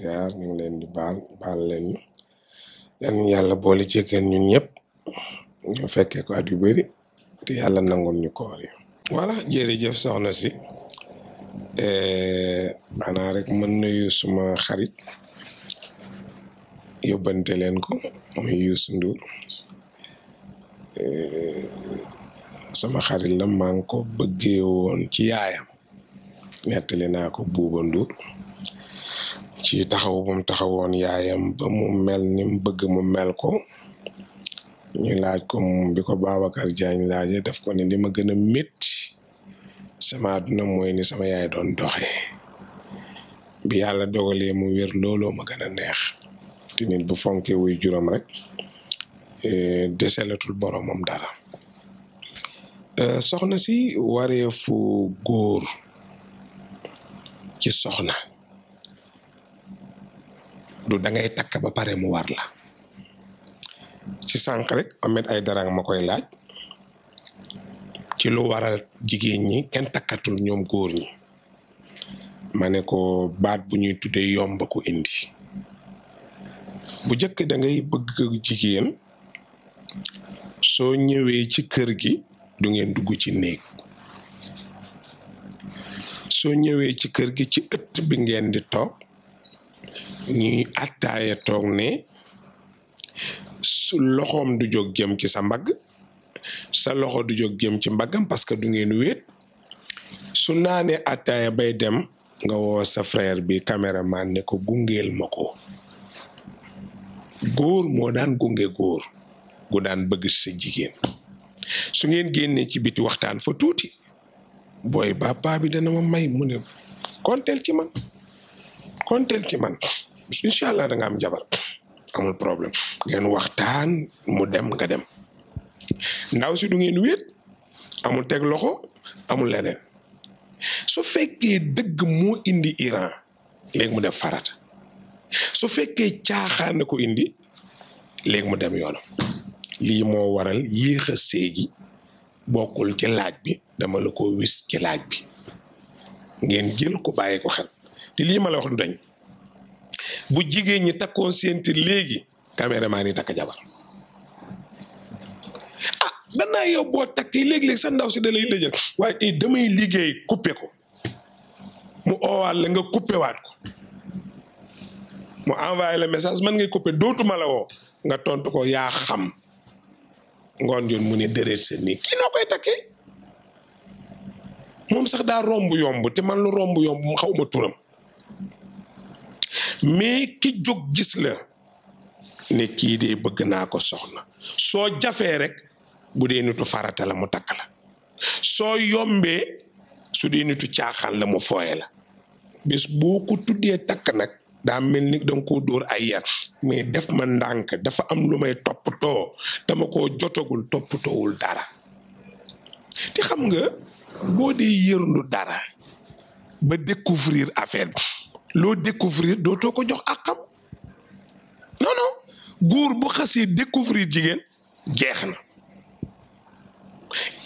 ziar ya, ñu leen di baal baal leen yan yàlla boole jégal ñun ñëpp ñu fekkee ko at yu bëri te yàlla nangoon ñu koor yi voilà jërëjëf soxna si eh, xanaa rek mën yu suma xarit yóbbante leen ko muy Youssou Ndour eh, sama xarit la maa ngi ko bëggee woon ci yaayam nettali naa ko buuba Ndour ci taxaw bu mu taxawoon yaayam ba mu mel ni mu bëgg mu mel ko ñu laaj ko bi ko Babacar Diagne laajee def ko ni li ma gën a métti sama àdduna mooy ni sama yaay doon doxee bi yàlla dogalee mu wér looloo ma gën a neex te bu fonkee wuy juróom rek e, deselatul boromam dara e, soxna si wareefu góor ci soxna du da ngay tak ba paré mu war la ci sank rek Ahmed Aïdara ma makoy laaj ci lu waral jigéen ñi kenn takatul ñom goor ñi mané ko baat bu ñuy tuddé yomb ko indi bu jëk da ngay bëgg jigéen so ñëwé ci kër gi du ngeen dugg ci neeg so ñëwé ci kër gi ci ëtt bi ngeen di toog ñuy attaaya tok ne su loxom du jog jëm ci sa mbag sa loxo du jog jëm ci mbagam parce que du ngeen wéet su naane attaaya bay dem nga wo sa frère bi cameraman ne ko gungel mako ko mo daan gungé góor gu daan bëgg sa jigen su ngeen génné ci biti waxtaan fa tuuti boy ba paa bi dana ma may mu ne kontel ci man kontel ci man insha allah da nga am jabar amul problème ngeen waxtaan mu dem nga dem ndaw si du ngeen wéet amul teg loxo amul leneen su fekkee dëgg moo indi iran leg mu def farata su fekkee caaxaan ko indi leg mu dem yoonam lii moo waral yéex a séegi bokkul ci laaj bi dama la wis ci laaj bi ngeen jël ko bàyyi ko xel di lii ma la wax du dañ bu jigéen ñi takkoon séentir léegi caméraman yi takk jabar ah danaa yow boo takkee léeg-léeg sa ndaw si da lay lëjal waaye eh, damay liggéey coupé ko mu oowaat la nga coupé waat ko mu envoyé le message man ngay coupé dootuma la woo nga tontu ko yaa xam ngoon joon mu ne déreet seen nii kii koy takkee moom sax daa romb yomb te man lu romb yomb mu xaw turam mais ki jóg gis la ne kii de bëgg naa ko soxna soo jafee rek bu dee nitu farata la mu takk la soo yombee su dee nitu caaxaan la mu fooye la bis boo ko tuddee takk nag daa mel ni danga koo dóor ay yar mais def ma ndànk dafa am lu may toppatoo dama koo jotagul toppatoowul dara te xam nga boo dee yërndu dara ba découvrir affaire bi loo découvrir dootoo ko jox àqam non non góor bu xasee découvrir jigéen jeex na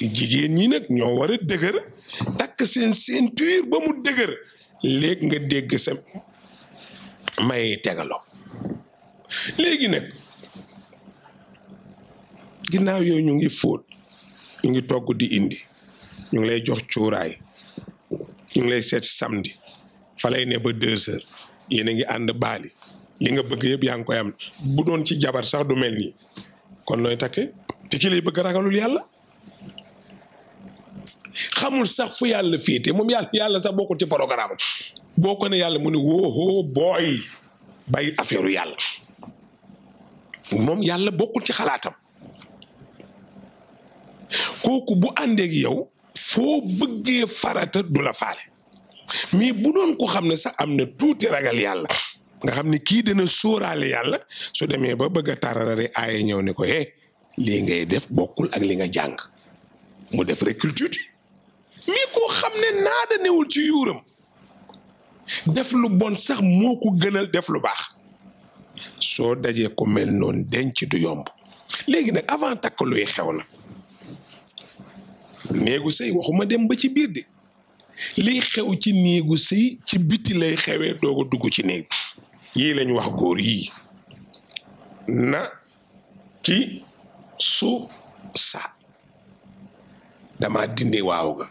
jigéen ñi nag ñoo war a dëgër takk seen ceinture ba mu dëgër léegi nga dégg sa may léegi nag ginnaaw yooyu ñu ngi fóot ñu ngi togg di indi ñu ngi lay jox cuuraay ñu ngi lay seet samedi fa ne ba deux heures yéen a ngi ànd baali li nga bëgg yëpp yaa ngi koy am bu doon ci jabar sax du mel nii kon looy takk te ki lay bëgg ragalul yàlla. xamul sax fu yàlla féete moom yàlla yàlla sax bokkul ci programme boo ko yàlla mu ne wóohoo booy moom yàlla bokkul ci xalaatam kooku bu àndeeg yow foo bëggee farata du faale mais bu doon ko xam ne sax am na tuuti ragal yàlla nga xam ne kii dana sóoraale yàlla su demee ba bëgg a tararare aaye ñëw ne ko eh lii ngay def bokkul ak li nga jàng mu def rek culture mais koo xam ne naada newul ci yuuram def lu bon sax moo ko gënal def lu baax soo dajee ko mel noonu denc du yomb léegi nag avant takk luy xew na néegu sëy waxuma dem ba ci biir de liy xew ci néegu sëy ci biti lay xewee doog dugg ci néeg yii lañ wax góor yii na ki su sa dama dindi waaw ga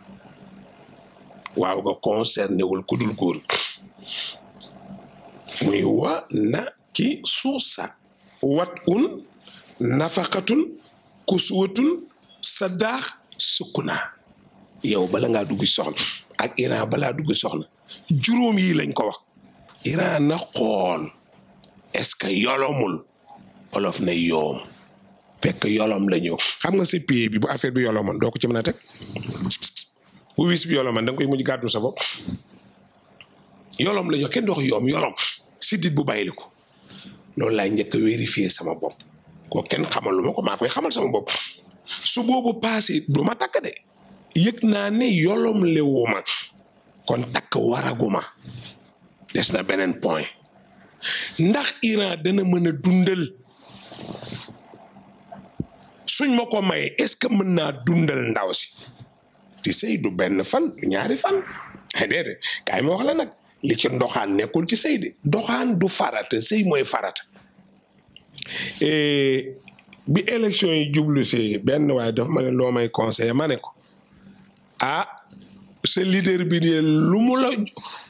waaw ga concerné ku dul góor muy wa na ki su sa wat un nafaqatun kusuwatun sadaax sukkunaa yow bala ngaa dugg soxla ak Iran balaa dugg soxna juróom yii lañ ko wax. Iran na xool est-ce que yolomul olof na yoom fekk yolom la ñëw xam nga si pays bi bu affaire bi yolomoon doo ko ci mën a teg bu wis bi koy mujj gàddu yolom la kenn doo ko yoom si dit bu bàyyil ko loolu lay njëkk a vérifier sama bopp ko kenn xamal lu ma ko maa koy xamal sama bopp su boobu passé du ma takk de yëg naa ne yolom lewuma kon takk waraguma des na beneen point ndax Iran dana mën a dundal suñ ma ko may est-ce que mën naa dundal ndaw si ti sëy du benn fan du ñaari fan déedéet kaay ma nag li ci ndoxaan nekkul ci sëy de doxaan du farata sëy mooy farata e, bi élection yi jublu si benn waaye daf ma ne loo may conseillé ma ko ah sa leader bi de lu mu la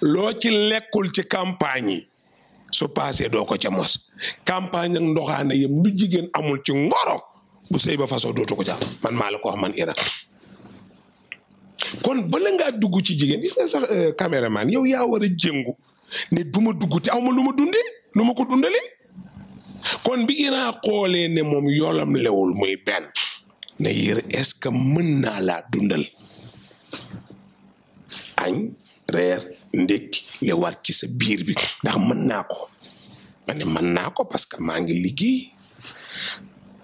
loo ci lekkul ci campagne yi su paasee doo ko ca mos campagne ak ndoxaane yam lu jigéen amul ci ngoro bu sëy ba fasoo dootu ko ca man maa la ko man Iran kon bala ngaa dugg ci jigéen gis nga sax euh, caméraman yow yaa war a ne du ma dugg te aw ma lu ma dundee lu ma ko dundalee kon bi Iran xoolee ne moom yoolam lewul muy benn ne yéen est-ce que mën naa laa dundal. añ reer ndékki li war ci sa biir bi ndax mën naa ko ma ne mën naa ko parce que maa ngi liggéey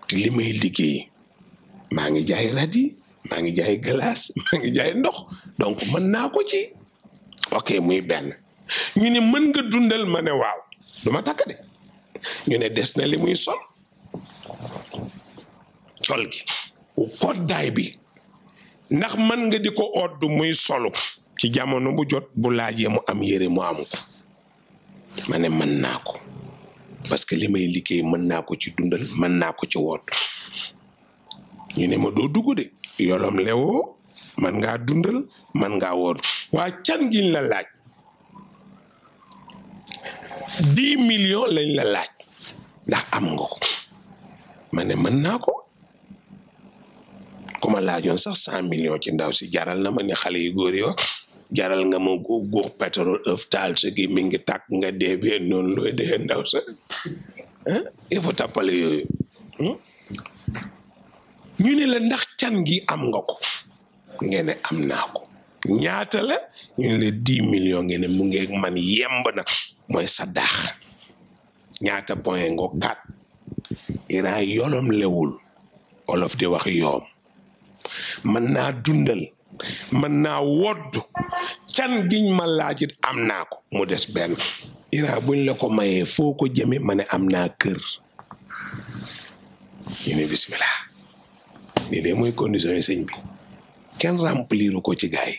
te li liggéey maa ngi jaay radi maa ngi jaay glace maa ngi jaay ndox donc mën naa ko ci ok muy benn ñu ne mën nga dundal ma ne waaw du ma takk de ñu ne des na li muy sol col gi koddaay bi ndax mën nga di ko oddu muy solu ci jamono bu jot bu laajee mu am yére mu am ko ma ne mën naa ko parce que li may liggéey mën naa ko ci dundal mën naa ko ci woot ñu ne ma doo dugg de yolom lewoo man ngaa dundal man nga woot waa can giñ la laaj dix millions lañ la laaj ndax am nga ko ma ne mën naa ko ku ma laajoon sax cent millions ci ndaw si jaral na ma ni xale yu góor yi jaral nga ma gu guux pétrole ëf taal gi mi ngi tàkk nga dee bee noonu looy dee ndaw sa ah il faut yooyu hmm? ñu ne la ndax can gi am nga ko ngeen am naa ko ñaata la ñu ne la dix millions ngeen man yemb na mooy saddaax ñaata point ngo kat Iran yolom lewul olof di wax yoom mën naa dundal mën naaw wodd can giñ ma laajit am naa ko mu des benn ira buñ la ko mayee foo ko jëme ma ne am naa kër ñu ne bismillah de mooy condition yi sëñ bi kenn remplir ko ci gaay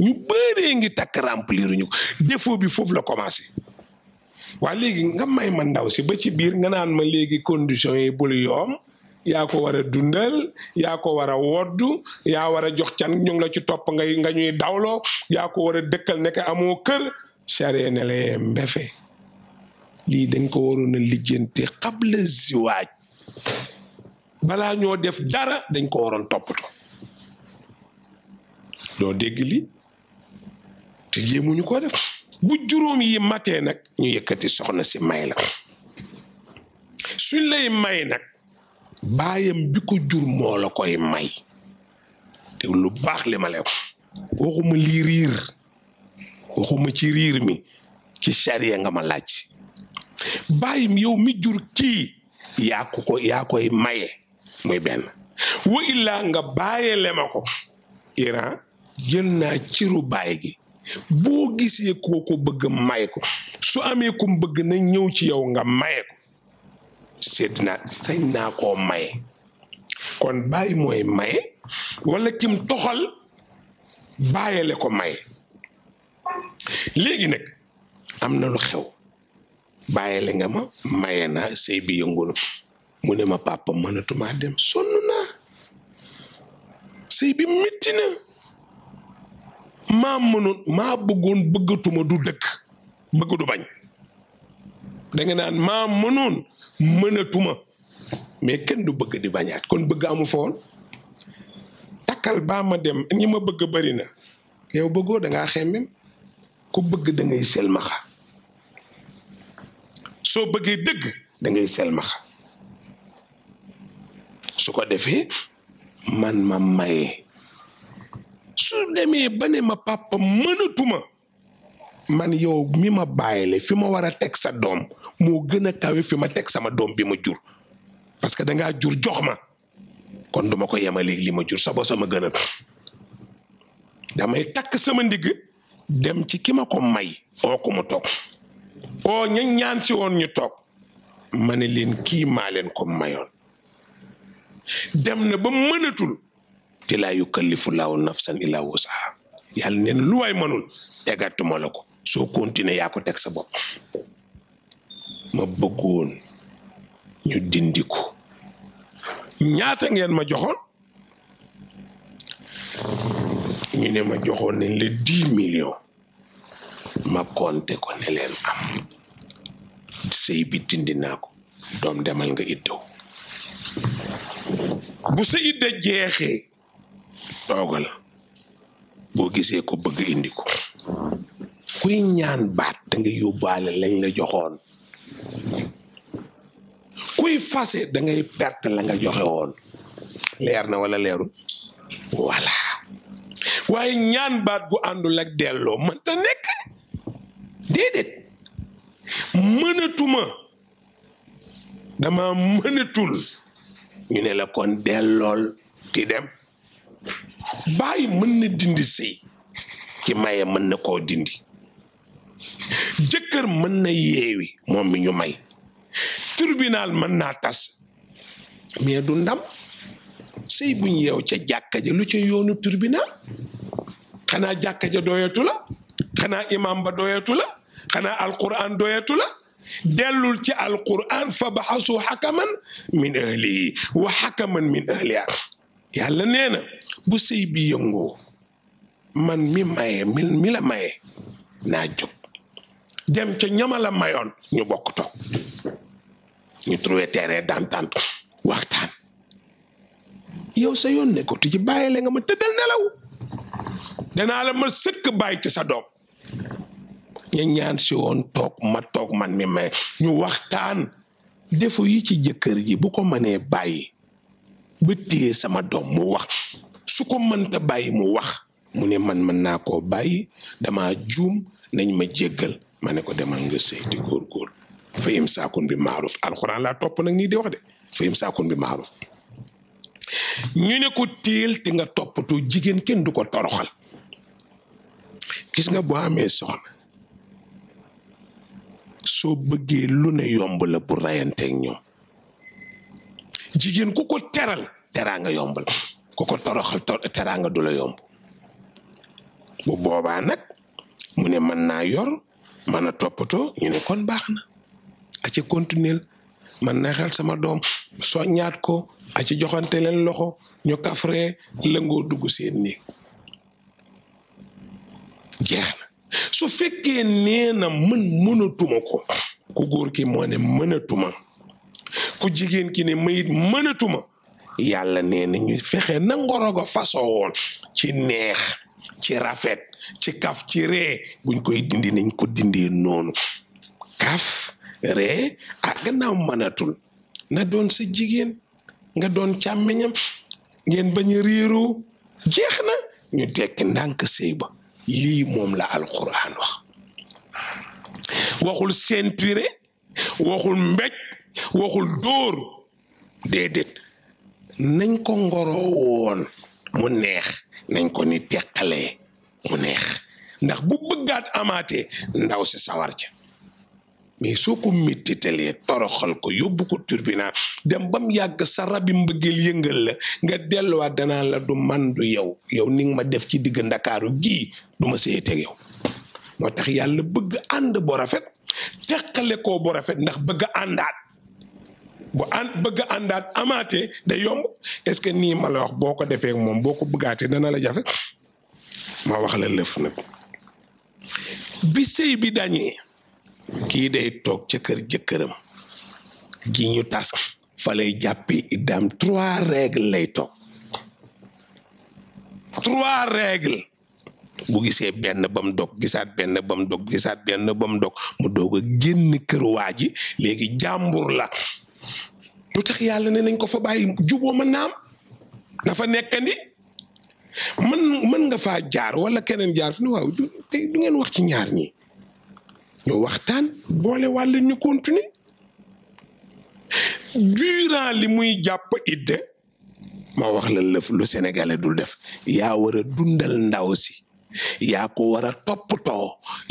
ñu bëree ngi takk remplir ñu ko défaut bi foofu la commencé waa léegi nga may ma ndaw si ba ci biir nga naan ma léegi condition yi bul yoom yaa ko war a dundal yaa ko war a woddu yaa war a jox can ñu la ci topp ngay nga ñuy dawloo yaa ko war a dëkkal nekk amoo kër sariya ne la mbefe lii dañ ko waroon a lijjanti xabla ziwaaj balaa ñoo def dara dañ ko waroon toppatoo doo dégg lii te jéemuñu ko def bu juróom yi matee nag ñu yëkkati soxna si may la suñ lay may nag baayam bi ko jur moo koy may te lu baax li ma lay waxuma lii riir ci riir mi ci sariya nga ma laaj baayam yow mi jur kii yaa ko ko maye muy benn wa illaa nga bàyyele ma ko Iran jël naa ciru baay gi boo gisee koo ko bëgg may ko su amee kum bëgg na ñëw ci yow nga maye ko sédd naa sañ naa koo maye kon bàyyi mooy maye walla kim toxal bàyyale ko maye léegi nag am na lu xew bàyyale nga ma maye naa sëy bi yëngulu mu ne ma papa mënatumaa dem sonn naa sëy bi métti na maa mënoon maa bëggoon bëggatuma du dëkk bëgg du bañ da naan maa mënoon Menutuma, mais kenn du bëgg di bañaat kon bëgg amu foon takal baa ma dem ñi ma bëgg bari na yow bëggoo da ngaa xemmem ku bëgg da ngay selmaxa soo bëggee dëgg da ngay selmaxa su ko defee man ma maye su demee ba ne ma papa mënatuma man yow mi ma bàyyile fi ma war a teg sa doom moo gën a kawe fi ma teg sama doom bi ma jur parce que dangaa jur jox ma kon duma ko yemaleeg li ma jur sa bopp sama gën a damay takk sama ndigg dem ci ki ma ko may oo ko mu toog oo ña ñaan si woon ñu toog ma ne leen kii maa leen ko mayoon dem na ba mënatul te laa yukallifu laahu nafsan illaa wusaha yàlla neen lu waay mënul tegatuma la ko soo continuer yaa ko teg sa bopp ma bëggoon ñu dindi ñaata ngeen ma joxoon ñu ne ma joxoon nañ la dix millions ma konte ko ne leen am sëy bi dindi naa ko doom demal nga iddaw bu sa idda jeexee toogal boo gisee ko bëgg kuy ñaan baat da nga yóbbaale lañ la joxoon kuy fase da ngay perte la nga joxe woon leer na wala leeru voilà waaye ñaan baat gu àndul ak delloo mënta nekk déedéet mënatuma dama mënatul ñu ne la kon lool ti dem bàyyi mën na dindi si ki maye mën na koo dindi jëkkër mën na yeewi moom mi ñu may turbinal mën naa tas mais du ndam sëy buñ yeew ca jàkka ja lu ca yoonu tribunal xanaa jàkka ja doyatu xanaa imam ba doyatu xanaa alquran doyatu la dellul ci alquran fa baxasu xakaman min ahlihi wa xakaman min ahliha yàlla nee bu sëy bi yëngoo man mi maye mi maye naa jóg dem ca ñama la mayoon ñu bokk toog ñu trouvé terrain d'entente waxtaan yow sa yoon ne ko ci bàyyi la nga ma tëddal nelaw danaa la ma sëkk bàyyi ci sa doom ñu ñaan si woon toog ma toog man mi may ñu waxtaan defu yi ci jëkkër ji bu ko mënee bàyyi ba téye sama doom mu wax su ko mënta bàyyi mu wax mu ne man mën naa koo bàyyi dama juum nañ ma jéggal ma ne ko demal nga seeti góor-góor fayim saakun bi maaruf alxuraan laa topp nag nii di wax de fayim saakun bi maaruf ñu ne ko téel te nga toppatoo jigéen kenn du ko toroxal gis nga boo amee soxna soo bëggee lu ne yomb la bu rayanteeg ñoom jigéen ku ko teral teraanga yomb ku ko toroxal teraanga du la yomb bu boobaa nag mu ne mën naa yor mana a ñu ne kon baax na a ci man na xel sama doom soññaat ko a ci joxante leen loxo ñu kafree lëngoo dugg seen néeg jeex na su fekkee nee na mën mënatuma ko ku góor ki moo ne mënatuma ku jigéen ki ne mayit mënatuma yàlla nee na ñu fexe na ngoro ga woon ci neex ci rafet ci kaf ci ree buñ koy dindi nañ ko dindee noonu kaf ree ah gannaaw mënatul na doon sa jigéen nga doon càmmiñam ngeen ba a réeroo jeex na ñu tekki ndànk sëy ba lii moom la alquran wax waxul ceinture waxul mbéj waxul dóor déedéet nañ ko ngoroo woon mu neex nañ ko ni teqalee mu neex ndax bu bëggaat amaatee ndaw si sawar ca mais soo ko méttitalee toroxal ko yóbbu ko turbinat dem ba mu yàgg sa rabi mbëggeel yëngal la nga delluwaat dana la du man du yow yow ni ma def ci digg ndakaaru gii du ma sëyee teg yow moo tax yàlla bëgg ànd bo rafet teqale ko bo rafet ndax bëgg àndaat bu an bëgg andat amaté day yomb est-ce que nii ma wax boko défé ak mom boko bëggaté dana la jafé ma wax la leuf nak bi sey bi dañé ki day tok ci kër jëkkëram gi ñu tass fa lay jappé idam trois règles lay tok trois règles bu gisé benn bam dok gisat gisaat benn ba mu dog benn mu mu doog a génn kër la lu tax yàlla ne nañ ko fa bàyyi juboo mën naa am na fa nekkandi man mën nga faa jaar wala keneen jaar fi ne waaw du ngeen wax ci ñaar ñi ñu waxtaan boole wàll ñu continuer durant li muy jàpp ma wax la lëf lu sénégalais dul def yaa war a dundal ndaw si yaa ko war a toppatoo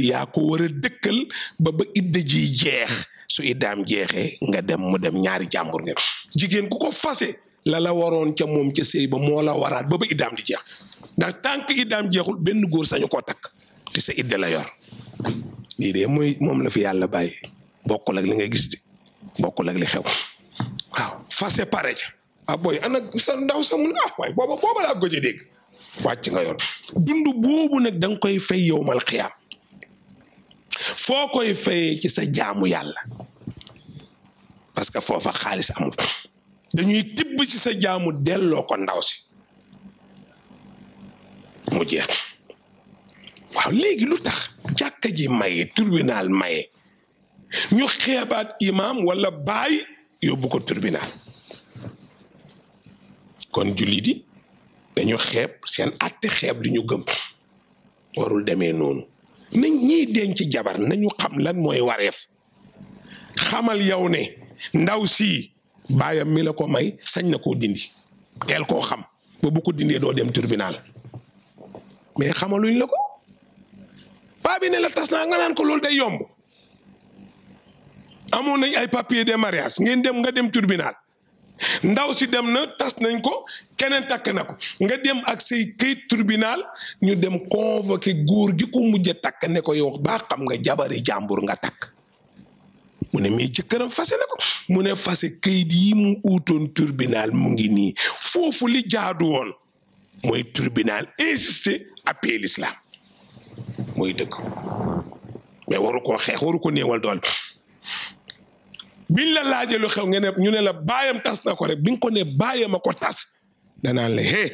yaa ko war a dëkkal ba ba idde ji jeex su iddaam jeexee nga dem mu dem ñaari jàmbur ngeen jigéen ku ko fase lala la waroon ca moom ca sëy ba moo la waraat ba ba iddaam di jeex ndax tànki que iddaam jeexul benn góor sañu koo takk te sa idda la yor lii de mooy moom la fi yàlla bàyyi bokkul ak li ngay gis di bokkul ak li xew fase pare ca ah booy ana sa ndaw sa mun ah waay booba booba laa gëj a dégg nga yoon dund boobu nag da koy fay yowmal xiyaam foo koy fayee ci sa jaamu yàlla que foofa xaalis amul dañuy tibb ci sa jaamu delloo ko ndaw si mu jeex waaw léegi lu tax jàkka ji maye tribunal maye ñu xeebaat imaam wala baay yóbbu ko tribunal kon jullit yi dañu xeeb seen àtte xeeb li ñu gëm warul demee noonu nañ ñiy denc jabar nañu xam lan mooy wareef xamal yow ne ndaw sii baayam mi la ko may sañ na koo dindi teel ko xam ba bu ko dindee doo dem tribunal mais xamaluñ la ko paa bi ne la tas naa nga naan ko loolu day yomb amoon nañ ay papier de mariage ngeen dem nga dem tribunal ndaw si dem na tas nañ ko keneen takk na ko nga dem ak say këyit tribunal ñu dem convoqué góor gi ko mujj a takk ne ko yow baa xam nga jabari jàmbur nga takk mu ne mais jëkkëram fase na ko mu ne fase kayit yi mu uutoon tribunal mu ngi nii foofu li jaadu woon mooy tribunal insister appel l'islam mooy dëkk mais waru koo xeex waru ko néewal doole bin la laajee xew nga ne ñu ne la baayam tas na ko rek bi ko ne baayam a ko tas danaan la hé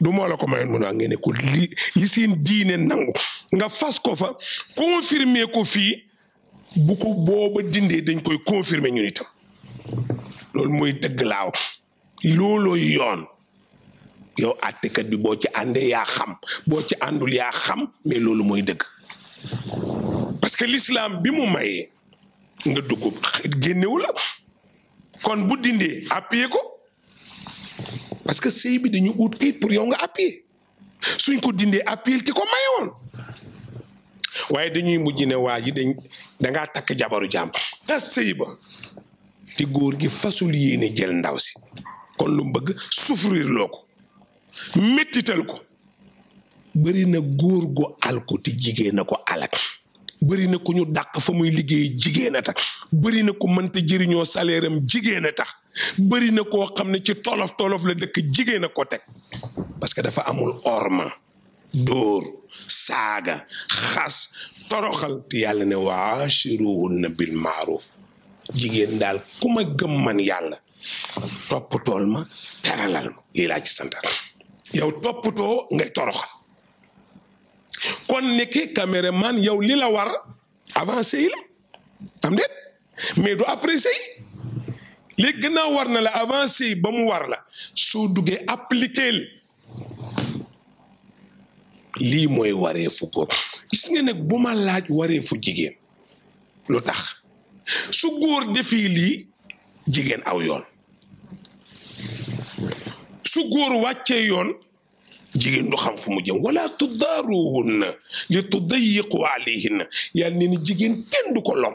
du moo la ko mayoon mu ne ngeen ne ko li li diine nangu nga fas ko fa confirmer ko fii bu ko booba dindee dañ koy confirmer ñun itam loolu mooy dëgg laaw looloo yoon yow àttekat bi boo ci àndee yaa xam boo ci àndul yaa xam mais loolu mooy dëgg parce que l'islam bi mu mayee nga dugg génnewul la kon bu dindee appuyer ko parce que sëy bi dañu ut kayit pour yow nga appuyer suñ ko dindee appuyer ko maye woon waaye dañuy mujj ne waa ji dañ danga takk jabaru jàmbar tas sëy ba te góor gi fasul yéene jël ndaw si kon lu mbëgg bëgg ko mettital ko bëri na góor gu alko te jigéen ko alak bëri na ku ñu dàq fa muy liggéey jigéen a tax bëri na ku mënta jëriñoo salaire jigéen a tax bëri na koo xam ne ci tolof tolof la dëkk jigéen a ko teg parce que dafa amul orma dóor saaga xas toroxal te yàlla ne waashiruhunna bil maaruf jigéen daal ku ma gëm man yàlla toppatool ma teralal ma lii laa ci santal yow toppatoo ngay toroxal kon nekki caméraman yow li la war avancé yi la am déet mais du apprécié léegi gannaaw war na la avancé yi ba mu war la soo duggee appliqué lii mooy wareefu góor gis nga nag bu ma laaj wareefu jigéen lu tax su góor defee lii jigéen aw yoon su góor wàccee yoon jigéen du xam fu mu jëm wala tudaaruhunna li tudayiqu alayhinna na ne ni jigéen kenn du ko lom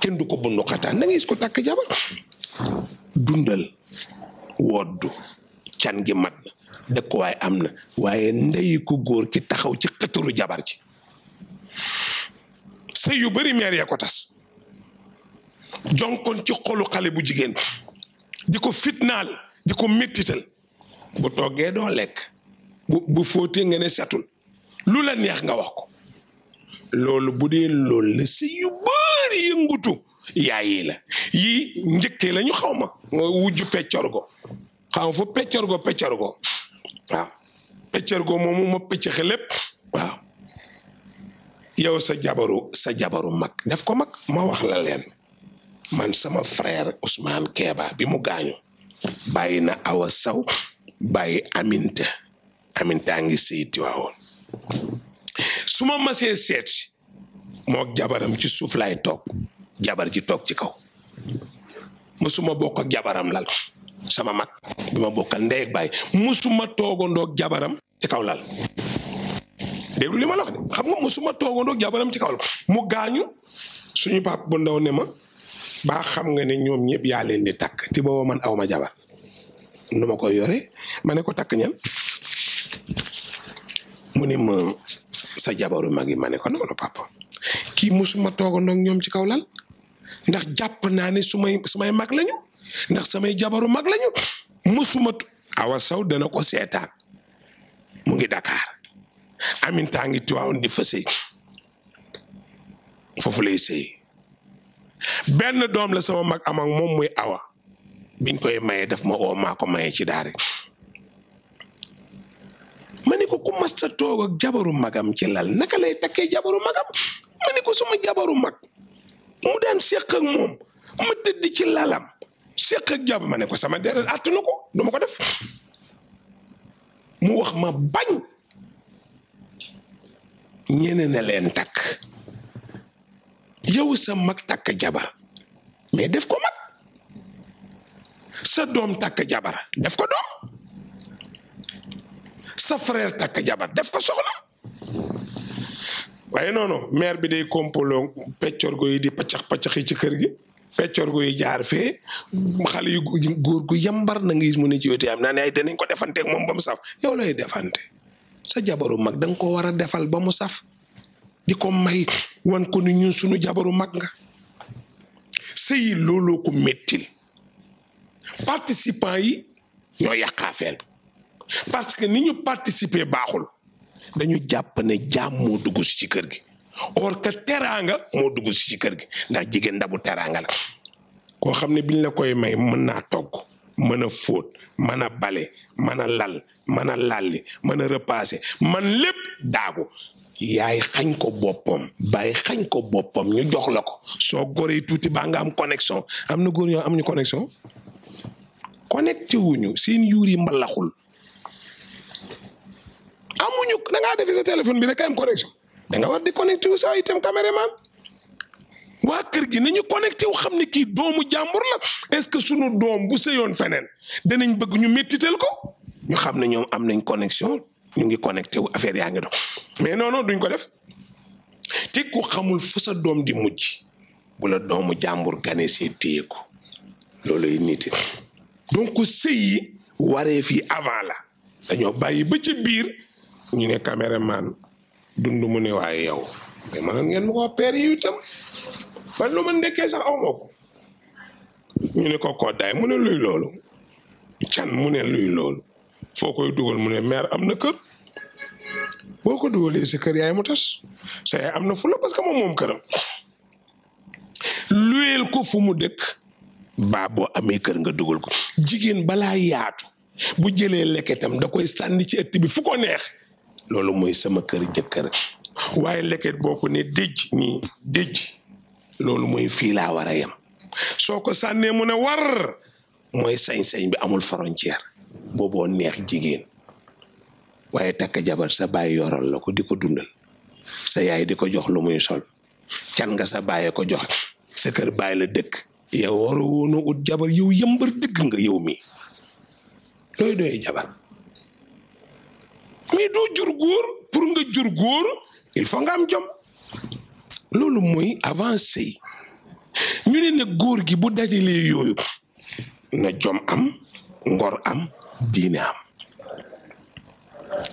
kenn du ko bundu xataan na ko tàkk jabar dundal woddu can gi mat ko waaye am na waaye ndeyi ku góor ci taxaw ci xëturu jabar ci sëy yu bëri meer ya ko tas jonkoon ci xolu xale bu jigéen di ko fitnaal di ko méttital bu toggee doo lekk bu bu fóotee nga setul lu la neex nga wax ko loolu bu dee lool la sëy yu bëri yëngutu yaayi la yii njëkkee la ñu xaw ma nga wujju peccorgo xaw ma fu peccorgo peccorgo waaw pëccër goo moomu ma pëccëxe lépp waaw yow sa jabaru sa jabaru mag def ko mag ma wax la leen man sama frère Ousmane Keeba bi mu gaañu bàyyi na awa saw bàyyi aminta aminta ngi seyti suma su ma masee seet mook jabaram ci suuf laay toog jabar ji toog ci kaw musuma suma ak jabaram lal sama mag bi bukan ndey ak baay musuma jabaram ci kawlal lal déglu Kamu la xam nga musuma jabaram ci kawlal mu gañu suñu pap bu ndaw ne ma ba xam nga ne ñom ñep ya leen di tak ti bo man awma jabar numa ko yore mané ko tak ñal mune ma sa jabaru magi mané ko nono papa Ki musuma toogandoo ñom ci kawlal ndax japp naa ne sumay sumay mag lañu ndax samay jabaru mag lañu musuma awa saw dana ko seetaan mu ngi Dakar amintaa ngi tiwaawoon di fa sëy foofu lay sëy benn doom la sama mag am ak moom muy awa biñ koy maye daf ma oo maa ko maye ci daara ma ni ko ku mas sa toog ak jabaru magam ci lal naka lay takkee jabaru magam ma ni suma jabaru mag mu daan seq ak moom ma ci lalam séq ak jàmm ma ne ko sama deret àtt na ko du ko def mu wax ma bañ ñene na leen takk yow sa mag takk jabar mais def ko mag sa doom takk jabar def ko doom sa frère takk jabar def ko soxna waaye noonu meer bi dey compolo peccor go yi di paccax paccaxi ci kër gi peccor guy jaar fe xale yu goor gu yambar na nga gis mu ne ci am ay dañ ko defante ak mom bam saf yow lay defante sa jabaru mag dang ko wara defal bamu saf di may wan ko ni ñun sunu jabaru mag nga sey lolo ko metil participant yi ñoo yàq affaire parce que ni ñu participer baxul dañu japp ne jamu dugus ci kër gi or que teraanga moo dugg si kër gi ndax jigéen ndabu teraanga la koo xam ne biñ la koy may mën naa togg mën a fóot mën a bale mën a lal mën a lalli mën a repassé man lépp daagu yaay xañ ko boppam bàyyi xañ ko boppam ñu jox la ko soo goree tuuti baa nga am connexion am na góor ñoo am ñu connexion connecté wuñu seen yuur yi mbalaxul amuñu da ngaa defi téléphone bi rek am connexion da nga war di connecté wu saa itam caméraman waa kër gi nañu connecté wu xam ne kii doomu jàmbur la est-ce que sunu doom bu sëyoon feneen danañ bëgg ñu méttital ko ñu xam ne ñoom am nañ connexion ñu ngi connecté wu affaire yaa ngi dox mais non non duñ ko def te ku xamul fusa doom di mujj bu la doomu jàmbur ganee see téye ko loolu nit donc sëy yi waree fii avant la dañoo bàyyi ba ci biir ñu ne caméraman dund mu ne waaye yow mais mënoon ngeen ma ko peer yi itam man lu ma ndekkee sax aw ma ko ne ko koddaay mu ne luy loolu can mu ne luy loolu foo koy dugal mu ne maire am na kër boo ko dugalee sa kër yaay mu tas sa yaay am na fula parce que moom moom këram luyeel ko fu mu dëkk baa boo amee kër nga dugal ko jigéen balaa yaatu bu jëlee leketam da koy sànni ci ëtt bi fu ko neex loolu mooy sama kër jëkkër waaye leket boo ko ne dijj nii dijj loolu mooy fii laa war a yem soo ko sànnee mu ne war mooy sañ-sañ bi amul frontière booboo neex jigéen waaye takk jabar sa baay yoral la ko di ko dundal sa yaay di ko jox lu muy sol can nga sa baay ko jox sa kër baay la dëkk yow waroo ut jabar yow yëmbar dëgg nga yow mi looy doyee jabar mais doo jur góor pour nga jur góor il faut nga am jom loolu mooy avancé ñu ne na góor gi bu dajale yooyu na jom am ngor am diine am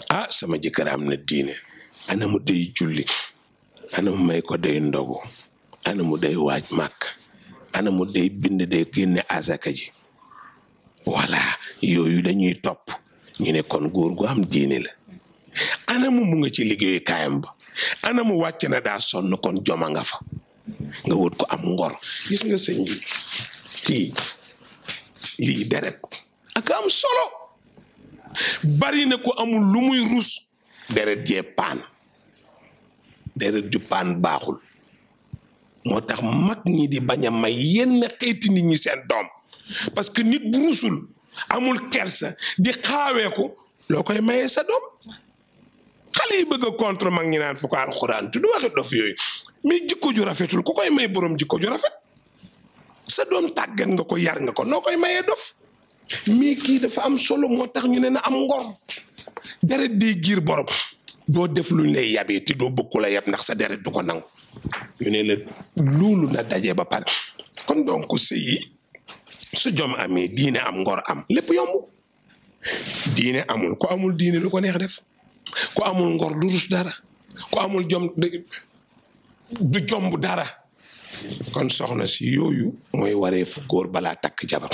ah sama jëkkër am na diine ana mu day julli ana mu may ko day ndogu ana mu day waaj màkk ana mu day bind day génne asaka ji voilà yooyu dañuy topp ñu ne kon góor gu am diine la anamu mu nga ci liggéey kaayam ba anamu wàcc na daa sonn kon joma nga fa nga wut ko am ngor gis nga sëñ bi kii lii deret ak am solo bari na ko amul lu muy rus deret jee paan deret ju paan baaxul moo tax mag ñi di bañ a may yenn xeeti nit ñi seen doom parce que nit bu rusul amul kersa di xaawee ko loo koy mayee doom xale yi bëgg contre mag ñi naan fu ko tu du waxi dof yooyu mais jikko ju rafetul ku koy may borom jikko ju rafet sa doom tàggat nga ko yar nga ko noo koy mayee dof mais kii dafa am solo moo tax ñu ne na am ngor deret di giir borom doo def luñ lay yabee te doo bëgg la yab ndax sa deret du ko nangu ñu ne la na daje ba pare kon donc sëy yi su jom amee diine am ngor am lépp yomb diine amul ko amul diine lu ko neex def ku amul ngor du rus dara ku amul jom du jomb dara kon soxna si yooyu mooy waree fu góor balaa takk jabar